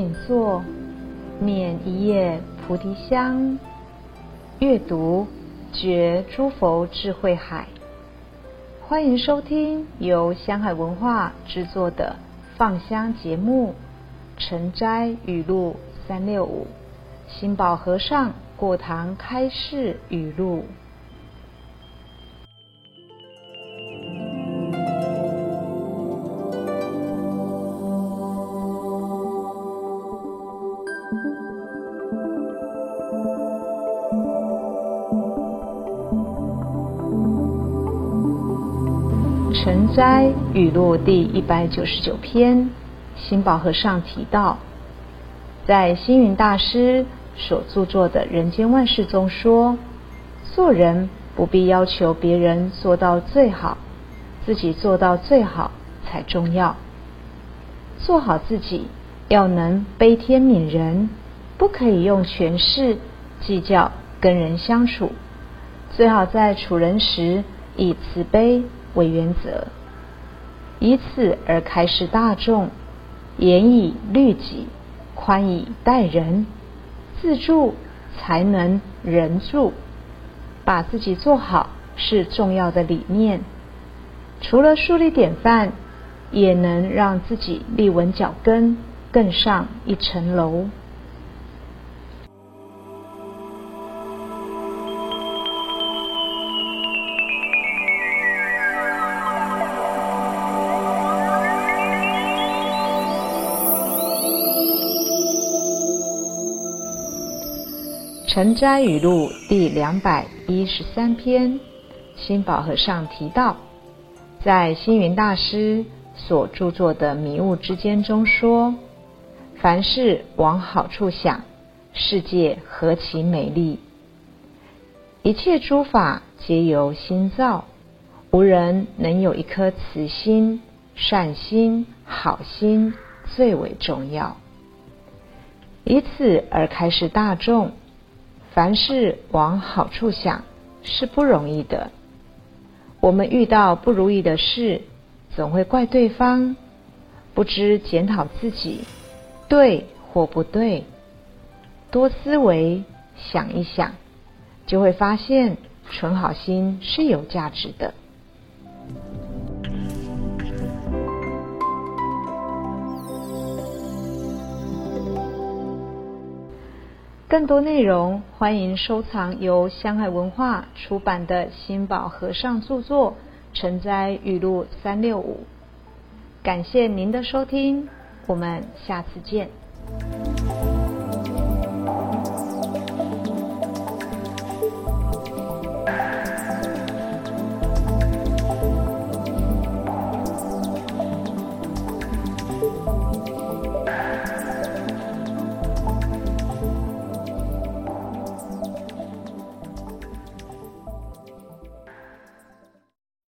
請坐，免一夜菩提香，閱讀覺諸佛智慧海。歡迎收聽由香海文化製作的放香節目《晨齋語錄》三六五，心保和尚過堂開示語錄。《晨齋語錄》第一百九十九篇，心保和尚提到，在星雲大師所著作的《人間萬事》中說，做人不必要求別人做到最好，自己做到最好才重要。做好自己，要能悲天憫人，不可以用權勢計較跟人相處。最好在處人時以慈悲為原則，以此而開示大眾，嚴以律己，寬以待人，自助才能人助，把自己做好是重要的理念。除了樹立典範，也能讓自己立穩腳跟，更上一層樓。晨齋語錄》第兩百一十三篇，心保和尚提到，在星雲大師所著作的《迷悟之間》中說：“凡事往好處想，世界何其美麗！一切諸法皆由心造，吾人能有一顆慈心、善心、好心最為重要，以此而開示大眾。”凡事往好處想，是不容易的。我們遇到不如意的事，總會怪對方，不知檢討自己，對或不對，多思維，想一想，就會發現存好心是有價值的。更多內容，歡迎收藏由香海文化出版的《心保和尚著作晨齋語錄》三六五。感謝您的收聽，我們下次見。